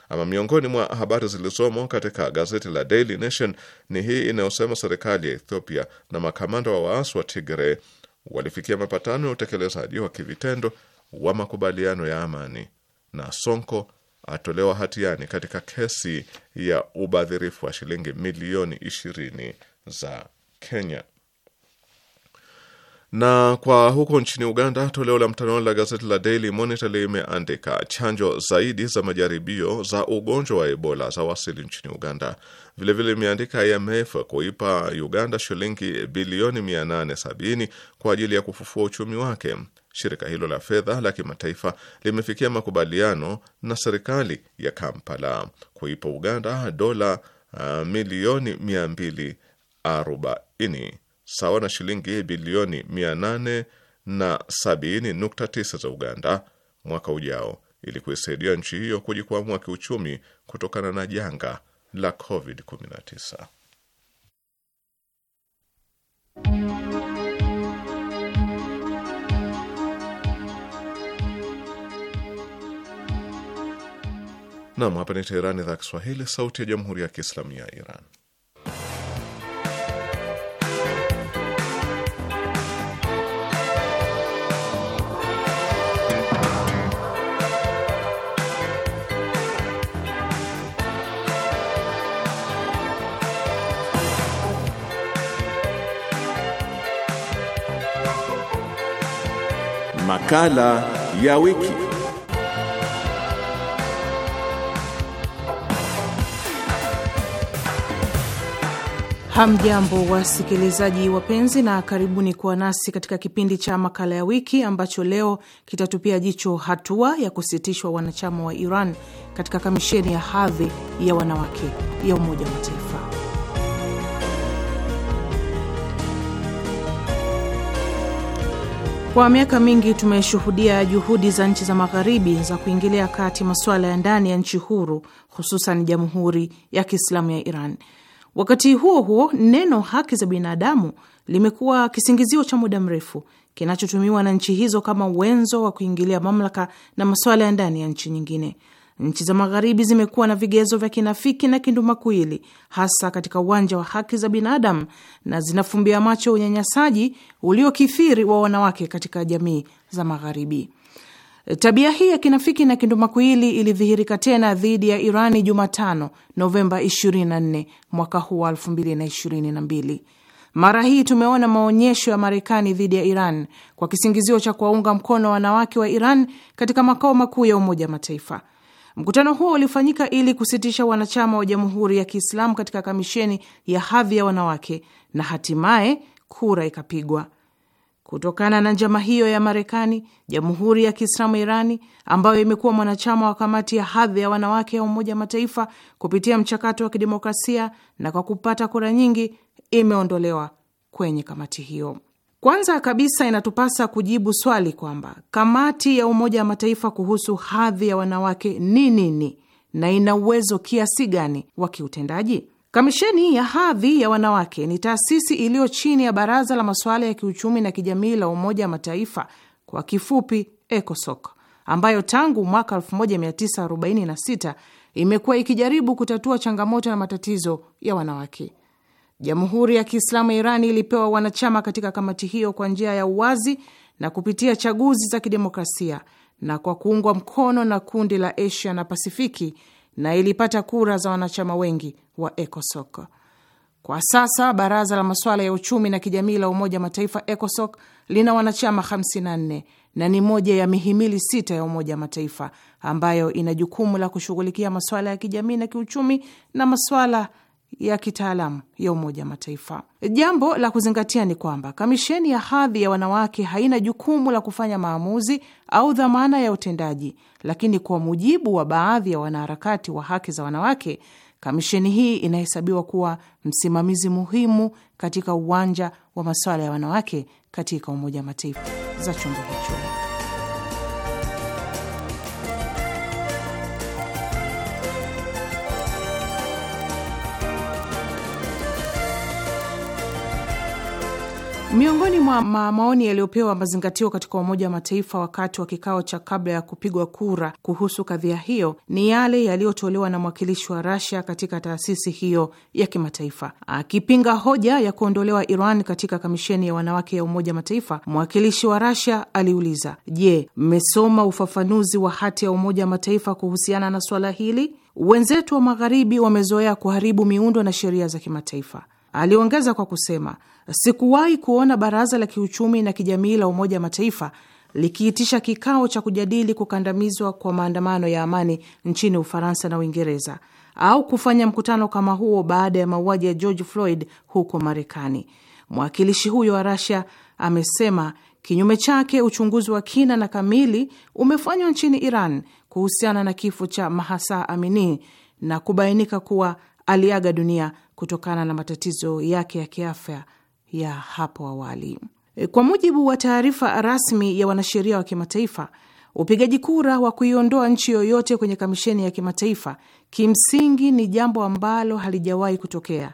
Ama miongoni mwa habari zilizomo katika gazeti la Daily Nation ni hii inayosema serikali ya Ethiopia na makamanda wa waasi wa Tigray walifikia mapatano ya utekelezaji wa kivitendo wa makubaliano ya amani, na Sonko atolewa hatiani katika kesi ya ubadhirifu wa shilingi milioni 20 za Kenya. Na kwa huko nchini Uganda, toleo la mtandao la gazeti la Daily Monitor limeandika chanjo zaidi za majaribio za ugonjwa wa Ebola za wasili nchini Uganda. Vilevile vile IMF kuipa Uganda shilingi bilioni 870 kwa ajili ya kufufua uchumi wake. Shirika hilo la fedha la kimataifa limefikia makubaliano na serikali ya Kampala kuipa Uganda dola uh, milioni 240 sawa na shilingi bilioni 879 za Uganda mwaka ujao ili kuisaidia nchi hiyo kujikwamua kiuchumi kutokana na janga la COVID-19. Nam, hapa ni Teherani, idhaa Kiswahili, sauti ya jamhuri ya kiislamu ya Iran. Makala ya wiki. Hamjambo wasikilizaji wapenzi, na karibuni kuwa nasi katika kipindi cha makala ya wiki ambacho leo kitatupia jicho hatua ya kusitishwa wanachama wa Iran katika kamisheni ya hadhi ya wanawake ya Umoja wa Mataifa. Kwa miaka mingi tumeshuhudia juhudi za nchi za magharibi za kuingilia kati masuala ya ndani ya nchi huru, hususan Jamhuri ya Kiislamu ya Iran. Wakati huo huo, neno haki za binadamu limekuwa kisingizio cha muda mrefu kinachotumiwa na nchi hizo kama wenzo wa kuingilia mamlaka na masuala ya ndani ya nchi nyingine. Nchi za Magharibi zimekuwa na vigezo vya kinafiki na kindumakuwili, hasa katika uwanja wa haki za binadamu, na zinafumbia macho unyanyasaji uliokithiri wa wanawake katika jamii za Magharibi. Tabia hii ya kinafiki na kindumakuwili ilidhihirika tena dhidi ya Irani Jumatano, Novemba 24 mwaka huu wa 2022. Mara hii tumeona maonyesho ya Marekani dhidi ya Iran kwa kisingizio cha kuwaunga mkono wanawake wa Iran katika makao makuu ya Umoja wa Mataifa. Mkutano huo ulifanyika ili kusitisha wanachama wa Jamhuri ya Kiislamu katika kamisheni ya hadhi ya wanawake na hatimaye kura ikapigwa. Kutokana na njama hiyo ya Marekani, Jamhuri ya Kiislamu Irani ambayo imekuwa mwanachama wa kamati ya hadhi ya wanawake ya Umoja wa Mataifa kupitia mchakato wa kidemokrasia na kwa kupata kura nyingi, imeondolewa kwenye kamati hiyo. Kwanza kabisa inatupasa kujibu swali kwamba kamati ya Umoja wa Mataifa kuhusu hadhi ya wanawake ni nini na ina uwezo kiasi gani wa kiutendaji. Kamisheni ya hadhi ya wanawake ni taasisi iliyo chini ya Baraza la Masuala ya Kiuchumi na Kijamii la Umoja wa Mataifa, kwa kifupi ECOSOC, ambayo tangu mwaka 1946 imekuwa ikijaribu kutatua changamoto na matatizo ya wanawake. Jamhuri ya Kiislamu ya iran ilipewa wanachama katika kamati hiyo kwa njia ya uwazi na kupitia chaguzi za kidemokrasia na kwa kuungwa mkono na kundi la Asia na Pasifiki, na ilipata kura za wanachama wengi wa ECOSOC. Kwa sasa baraza la masuala ya uchumi na kijamii la Umoja Mataifa ECOSOC lina wanachama 54 na ni moja ya mihimili sita ya Umoja Mataifa ambayo ina jukumu la kushughulikia masuala ya kijamii na kiuchumi na masuala ya kitaalamu ya Umoja wa Mataifa. Jambo la kuzingatia ni kwamba kamisheni ya hadhi ya wanawake haina jukumu la kufanya maamuzi au dhamana ya utendaji, lakini kwa mujibu wa baadhi ya wanaharakati wa haki za wanawake, kamisheni hii inahesabiwa kuwa msimamizi muhimu katika uwanja wa masuala ya wanawake katika Umoja wa Mataifa za chombo hicho. Miongoni mwa maoni yaliyopewa mazingatio katika Umoja wa Mataifa wakati wa kikao cha kabla ya kupigwa kura kuhusu kadhia hiyo ni yale yaliyotolewa na mwakilishi wa rasia katika taasisi hiyo ya kimataifa. Akipinga hoja ya kuondolewa Iran katika kamisheni ya wanawake ya Umoja wa Mataifa, mwakilishi wa rasia aliuliza, je, mmesoma ufafanuzi wa hati ya Umoja wa Mataifa kuhusiana na swala hili? Wenzetu wa Magharibi wamezoea kuharibu miundo na sheria za kimataifa Aliongeza kwa kusema, sikuwahi kuona baraza la kiuchumi na kijamii la Umoja wa Mataifa likiitisha kikao cha kujadili kukandamizwa kwa maandamano ya amani nchini Ufaransa na Uingereza au kufanya mkutano kama huo baada ya mauaji ya George Floyd huko Marekani. Mwakilishi huyo wa rasia amesema kinyume chake, uchunguzi wa kina na kamili umefanywa nchini Iran kuhusiana na kifo cha mahasa Amini na kubainika kuwa aliaga dunia kutokana na matatizo yake ya kiafya ya hapo awali. E, kwa mujibu wa taarifa rasmi ya wanasheria wa kimataifa, upigaji kura wa kuiondoa nchi yoyote kwenye kamisheni ya kimataifa kimsingi ni jambo ambalo halijawahi kutokea,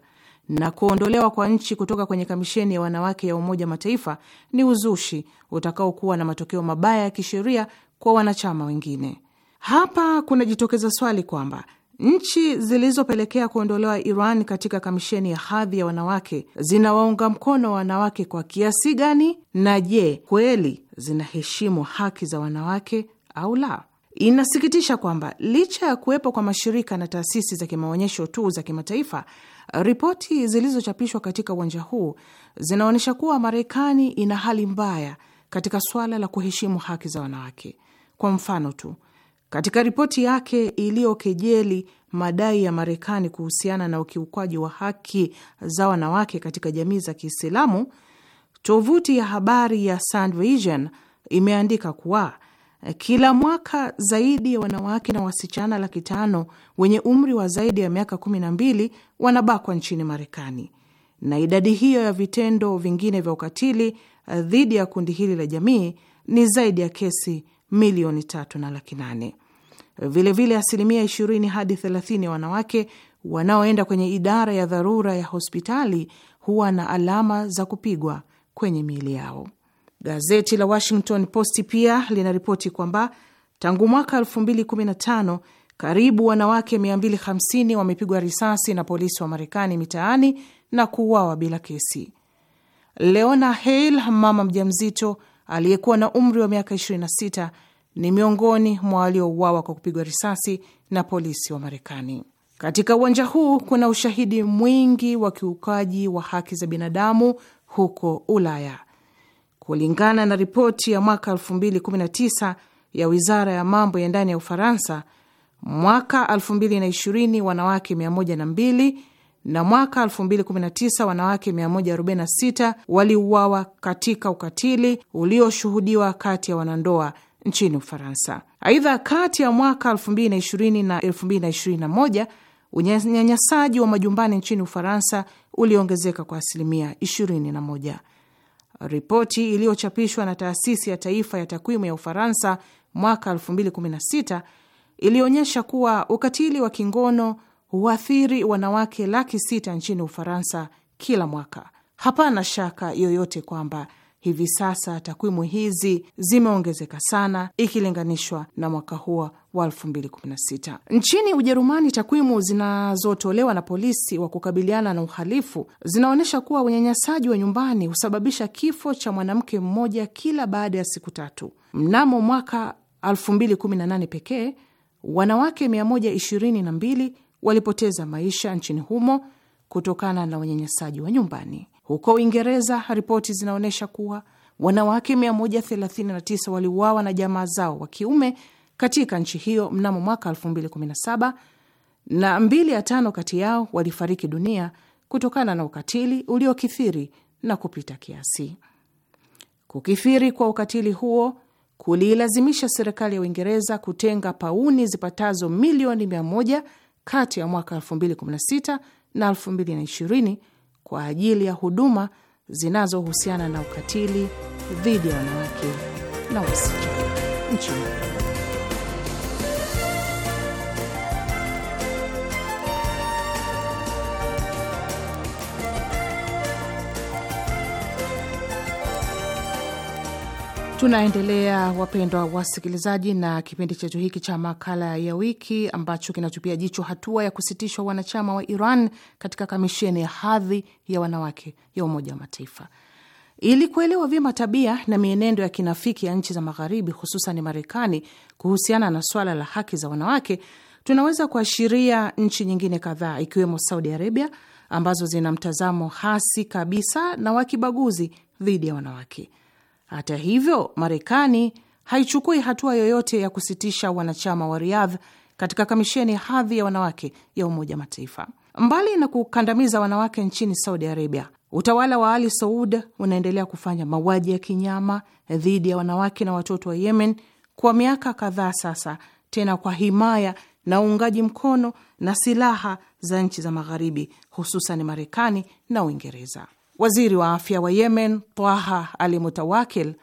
na kuondolewa kwa nchi kutoka kwenye kamisheni ya wanawake ya Umoja Mataifa ni uzushi utakaokuwa na matokeo mabaya ya kisheria kwa wanachama wengine. Hapa kunajitokeza swali kwamba Nchi zilizopelekea kuondolewa Iran katika kamisheni ya hadhi ya wanawake zinawaunga mkono wanawake kwa kiasi gani, na je, kweli zinaheshimu haki za wanawake au la? Inasikitisha kwamba licha ya kuwepo kwa mashirika na taasisi za kimaonyesho tu za kimataifa, ripoti zilizochapishwa katika uwanja huu zinaonyesha kuwa Marekani ina hali mbaya katika swala la kuheshimu haki za wanawake. Kwa mfano tu katika ripoti yake iliyokejeli madai ya Marekani kuhusiana na ukiukwaji wa haki za wanawake katika jamii za Kiislamu, tovuti ya habari ya Sandvision imeandika kuwa kila mwaka zaidi ya wanawake na wasichana laki tano wenye umri wa zaidi ya miaka 12 wanabakwa nchini Marekani, na idadi hiyo ya vitendo vingine vya ukatili eh, dhidi ya kundi hili la jamii ni zaidi ya kesi milioni tatu na laki nane. Vilevile asilimia 20 hadi 30 ya wanawake wanaoenda kwenye idara ya dharura ya hospitali huwa na alama za kupigwa kwenye miili yao. Gazeti la Washington Post pia linaripoti kwamba tangu mwaka 2015 karibu wanawake 250 wamepigwa risasi na polisi wa Marekani mitaani na kuuawa bila kesi. Leona Hale, mama mjamzito aliyekuwa na umri wa miaka 26 ni miongoni mwa waliouawa kwa kupigwa risasi na polisi wa Marekani. Katika uwanja huu kuna ushahidi mwingi wa kiukaji wa haki za binadamu huko Ulaya. Kulingana na ripoti ya mwaka 2019 ya wizara ya mambo ya ndani ya Ufaransa, mwaka 2020 wanawake 102 na mwaka 2019 wanawake 146 waliuawa katika ukatili ulioshuhudiwa kati ya wanandoa nchini Ufaransa. Aidha, kati ya mwaka 2020 na 2021 unyanyasaji wa majumbani nchini Ufaransa uliongezeka kwa asilimia 21. Ripoti iliyochapishwa na taasisi ya taifa ya takwimu ya Ufaransa mwaka 2016 ilionyesha kuwa ukatili wa kingono huathiri wanawake laki sita nchini Ufaransa kila mwaka. Hapana shaka yoyote kwamba hivi sasa takwimu hizi zimeongezeka sana ikilinganishwa na mwaka huo wa 2016. Nchini Ujerumani, takwimu zinazotolewa na polisi wa kukabiliana na uhalifu zinaonyesha kuwa unyanyasaji wa nyumbani husababisha kifo cha mwanamke mmoja kila baada ya siku tatu. Mnamo mwaka 2018 pekee wanawake 122 walipoteza maisha nchini humo kutokana na unyanyasaji wa nyumbani. Huko Uingereza, ripoti zinaonyesha kuwa wanawake 139 waliuawa na jamaa zao wa kiume katika nchi hiyo mnamo mwaka 2017 na mbili ya tano kati yao walifariki dunia kutokana na ukatili uliokithiri na kupita kiasi. Kukithiri kwa ukatili huo kuliilazimisha serikali ya Uingereza kutenga pauni zipatazo milioni 100 kati ya mwaka 2016 na 2020 kwa ajili ya huduma zinazohusiana na ukatili dhidi ya wanawake na wasichana nchini. Tunaendelea wapendwa wasikilizaji, na kipindi chetu hiki cha makala ya wiki ambacho kinatupia jicho hatua ya kusitishwa wanachama wa Iran katika kamisheni ya hadhi ya wanawake ya Umoja wa Mataifa. Ili kuelewa vyema tabia na mienendo ya kinafiki ya nchi za Magharibi, hususan Marekani, kuhusiana na swala la haki za wanawake, tunaweza kuashiria nchi nyingine kadhaa ikiwemo Saudi Arabia ambazo zina mtazamo hasi kabisa na wakibaguzi dhidi ya wanawake. Hata hivyo, Marekani haichukui hatua yoyote ya kusitisha wanachama wa riadh katika kamisheni hadhi ya wanawake ya Umoja Mataifa. Mbali na kukandamiza wanawake nchini Saudi Arabia, utawala wa Ali Saud unaendelea kufanya mauaji ya kinyama dhidi ya wanawake na watoto wa Yemen kwa miaka kadhaa sasa, tena kwa himaya na uungaji mkono na silaha za nchi za Magharibi, hususan Marekani na Uingereza. Waziri wa afya wa Yemen, twaha Al Mutawakil,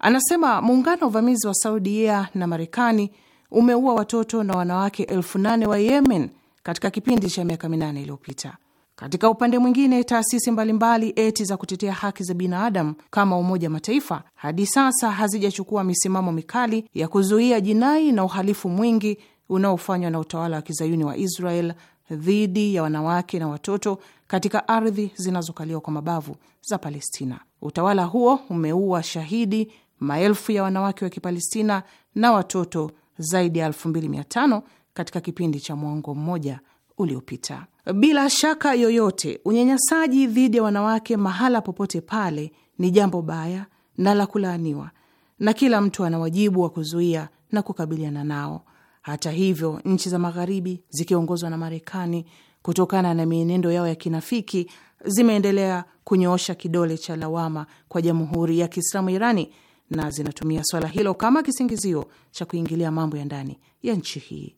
anasema muungano wa uvamizi wa Saudia na Marekani umeua watoto na wanawake elfu nane wa Yemen katika kipindi cha miaka minane iliyopita. Katika upande mwingine, taasisi mbalimbali eti za kutetea haki za binadamu kama Umoja Mataifa hadi sasa hazijachukua misimamo mikali ya kuzuia jinai na uhalifu mwingi unaofanywa na utawala wa kizayuni wa Israel dhidi ya wanawake na watoto katika ardhi zinazokaliwa kwa mabavu za Palestina. Utawala huo umeua shahidi maelfu ya wanawake wa Kipalestina na watoto zaidi ya 25 katika kipindi cha mwongo mmoja uliopita. Bila shaka yoyote, unyanyasaji dhidi ya wanawake mahala popote pale ni jambo baya na la kulaaniwa, na kila mtu ana wajibu wa kuzuia na kukabiliana nao. Hata hivyo, nchi za Magharibi zikiongozwa na Marekani kutokana na mienendo yao ya kinafiki zimeendelea kunyoosha kidole cha lawama kwa Jamhuri ya Kiislamu Irani na zinatumia swala hilo kama kisingizio cha kuingilia mambo ya ndani ya nchi hii.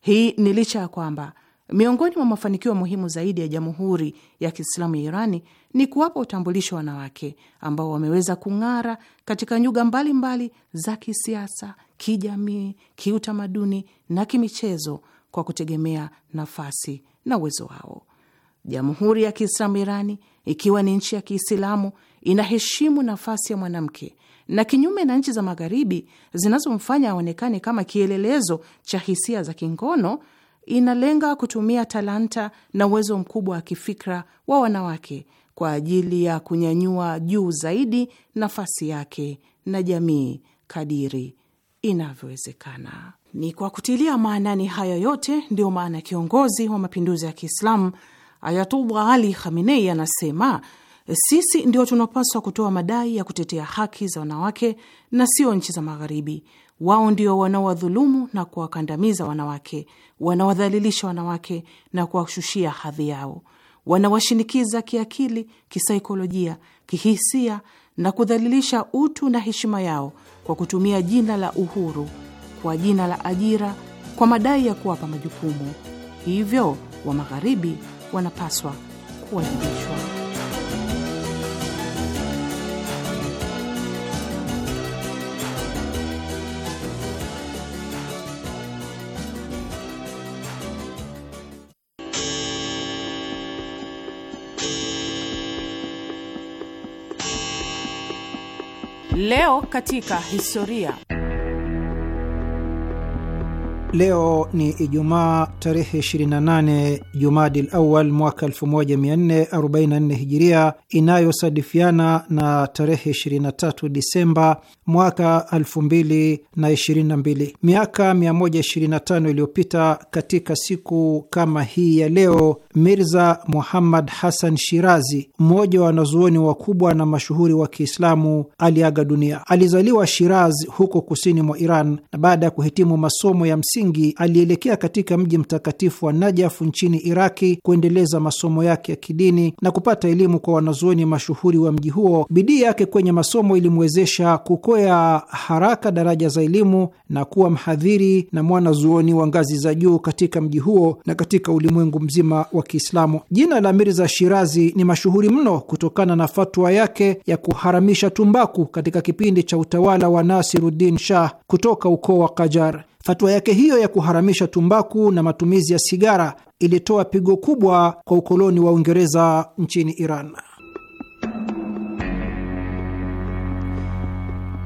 Hii ni licha ya kwamba miongoni mwa mafanikio muhimu zaidi ya Jamhuri ya Kiislamu ya Irani ni kuwapa utambulisho wanawake ambao wameweza kung'ara katika nyuga mbalimbali mbali za kisiasa, kijamii, kiutamaduni na kimichezo kwa kutegemea nafasi na uwezo wao. Jamhuri ya Kiislamu Irani, ikiwa ni nchi ya Kiislamu, inaheshimu nafasi ya mwanamke na kinyume na nchi za Magharibi zinazomfanya aonekane kama kielelezo cha hisia za kingono, inalenga kutumia talanta na uwezo mkubwa wa kifikra wa wanawake kwa ajili ya kunyanyua juu zaidi nafasi yake na jamii kadiri inavyowezekana. Ni kwa kutilia maanani haya yote ndiyo maana kiongozi wa mapinduzi ya Kiislamu Ayatullah Ali Khamenei anasema sisi ndio tunapaswa kutoa madai ya kutetea haki za wanawake na sio nchi za Magharibi. Wao ndio wanaowadhulumu na kuwakandamiza wanawake, wanawadhalilisha wanawake na kuwashushia hadhi yao, wanawashinikiza kiakili, kisaikolojia, kihisia na kudhalilisha utu na heshima yao kwa kutumia jina la uhuru kwa jina la ajira kwa madai ya kuwapa majukumu, hivyo wa magharibi wanapaswa kuwajibishwa. Leo katika historia Leo ni Ijumaa tarehe 28 Jumadil Awal mwaka 1444 Hijiria, inayosadifiana na tarehe 23 Disemba mwaka 2022. Miaka 125 iliyopita, katika siku kama hii ya leo, Mirza Muhammad Hassan Shirazi, mmoja wa wanazuoni wakubwa na mashuhuri wa Kiislamu, aliaga dunia. Alizaliwa Shiraz huko kusini mwa Iran, na baada ya kuhitimu masomo ya msingi msingi alielekea katika mji mtakatifu wa Najafu nchini Iraki kuendeleza masomo yake ya kidini na kupata elimu kwa wanazuoni mashuhuri wa mji huo. Bidii yake kwenye masomo ilimwezesha kukwea haraka daraja za elimu na kuwa mhadhiri na mwanazuoni wa ngazi za juu katika mji huo na katika ulimwengu mzima wa Kiislamu. Jina la Mirza Shirazi ni mashuhuri mno kutokana na fatwa yake ya kuharamisha tumbaku katika kipindi cha utawala wa Nasiruddin Shah kutoka ukoo wa Kajar. Fatwa yake hiyo ya kuharamisha tumbaku na matumizi ya sigara ilitoa pigo kubwa kwa ukoloni wa Uingereza nchini Iran.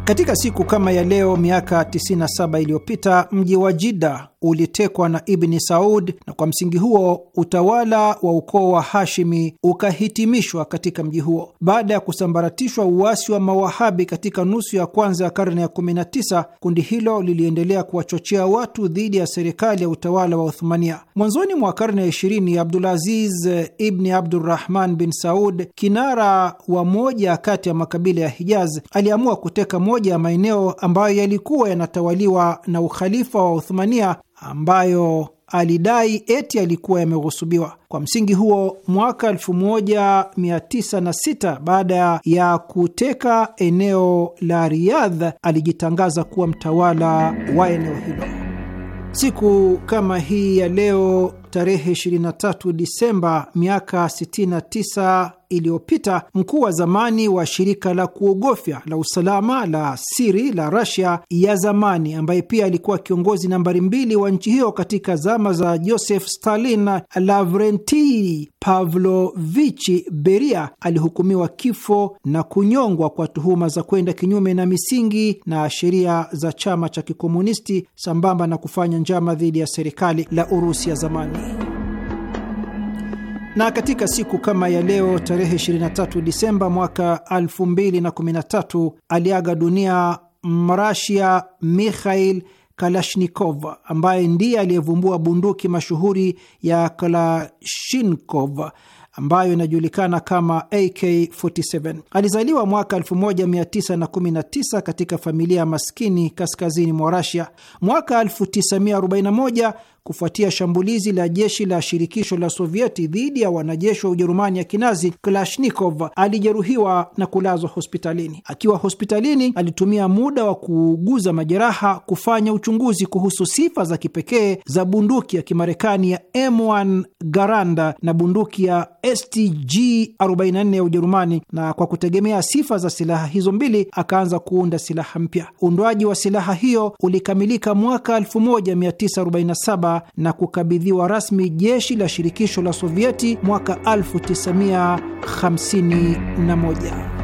Katika siku kama ya leo miaka 97 iliyopita mji wa Jida ulitekwa na Ibni Saud, na kwa msingi huo utawala wa ukoo wa Hashimi ukahitimishwa katika mji huo. Baada ya kusambaratishwa uasi wa Mawahabi katika nusu ya kwanza ya karne ya 19, kundi hilo liliendelea kuwachochea watu dhidi ya serikali ya utawala wa Uthmania. Mwanzoni mwa karne ya 20, Abdulaziz Ibni Abdurrahman bin Saud, kinara wa moja kati ya makabila ya Hijaz, aliamua kuteka moja ya maeneo ambayo yalikuwa yanatawaliwa na ukhalifa wa Uthmania ambayo alidai eti alikuwa yameghusubiwa. Kwa msingi huo, mwaka 1906 baada ya kuteka eneo la Riyadh, alijitangaza kuwa mtawala wa eneo hilo. Siku kama hii ya leo tarehe 23 Disemba miaka 69 iliyopita mkuu wa zamani wa shirika la kuogofya la usalama la siri la Rasia ya zamani ambaye pia alikuwa kiongozi nambari mbili wa nchi hiyo katika zama za Joseph Stalin, Lavrenti Pavlovichi Beria alihukumiwa kifo na kunyongwa kwa tuhuma za kwenda kinyume na misingi na sheria za chama cha kikomunisti sambamba na kufanya njama dhidi ya serikali la Urusi ya zamani. Na katika siku kama ya leo tarehe 23 Disemba mwaka 2013 aliaga dunia Mrasia Mikhail Kalashnikov ambaye ndiye aliyevumbua bunduki mashuhuri ya Kalashnikov ambayo inajulikana kama AK47. Alizaliwa mwaka 1919 katika familia maskini kaskazini mwa Rasia. Mwaka 1941 kufuatia shambulizi la jeshi la shirikisho la Sovieti dhidi ya wanajeshi wa Ujerumani ya kinazi, Kalashnikov alijeruhiwa na kulazwa hospitalini. Akiwa hospitalini, alitumia muda wa kuuguza majeraha kufanya uchunguzi kuhusu sifa za kipekee za bunduki ya Kimarekani ya M1 Garanda na bunduki ya STG 44 ya Ujerumani, na kwa kutegemea sifa za silaha hizo mbili akaanza kuunda silaha mpya. Uundwaji wa silaha hiyo ulikamilika mwaka 1947 na kukabidhiwa rasmi jeshi la shirikisho la Sovieti mwaka 1951.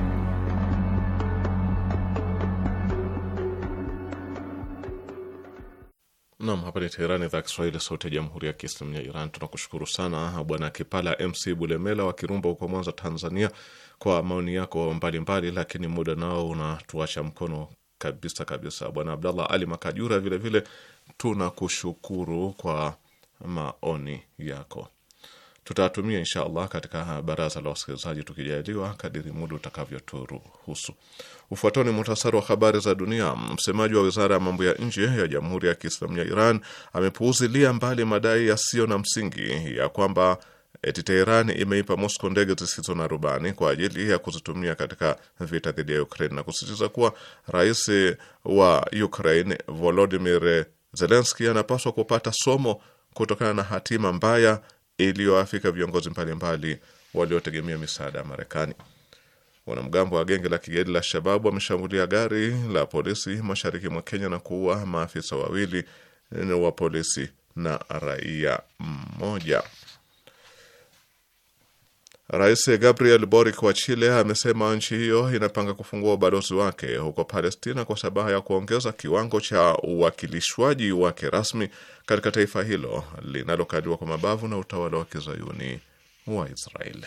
Nam, hapa ni Teherani, idhaa Kiswahili, sauti ya jamhuri ya kiislamu ya Iran. Tunakushukuru sana Bwana Kipala MC Bulemela wa Kirumba huko Mwanza, Tanzania, kwa maoni yako mbalimbali, lakini muda nao unatuacha mkono kabisa kabisa. Bwana Abdallah Ali Makajura vilevile tunakushukuru kwa maoni yako. Tutatumia insha allah katika baraza la wasikilizaji tukijaliwa, kadiri muda utakavyoturuhusu. Ufuatao ni muhtasari wa habari za dunia. Msemaji wa wizara ya mambo ya nje ya Jamhuri ya Kiislamu ya Iran amepuuzilia mbali madai yasiyo na msingi ya kwamba eti Teheran imeipa Moscow ndege zisizo na rubani kwa ajili ya kuzitumia katika vita dhidi ya Ukraine na kusisitiza kuwa rais wa Ukraine Volodimir Zelenski anapaswa kupata somo kutokana na hatima mbaya iliyoafika viongozi mbalimbali waliotegemea misaada ya Marekani. Wanamgambo wa genge la kigaidi la Shababu wameshambulia gari la polisi mashariki mwa Kenya na kuua maafisa wawili wa polisi na raia mmoja. Rais Gabriel Boric wa Chile amesema nchi hiyo inapanga kufungua ubalozi wake huko Palestina kwa sabaha ya kuongeza kiwango cha uwakilishwaji wake rasmi katika taifa hilo linalokaliwa kwa mabavu na utawala wa kizayuni wa Israeli.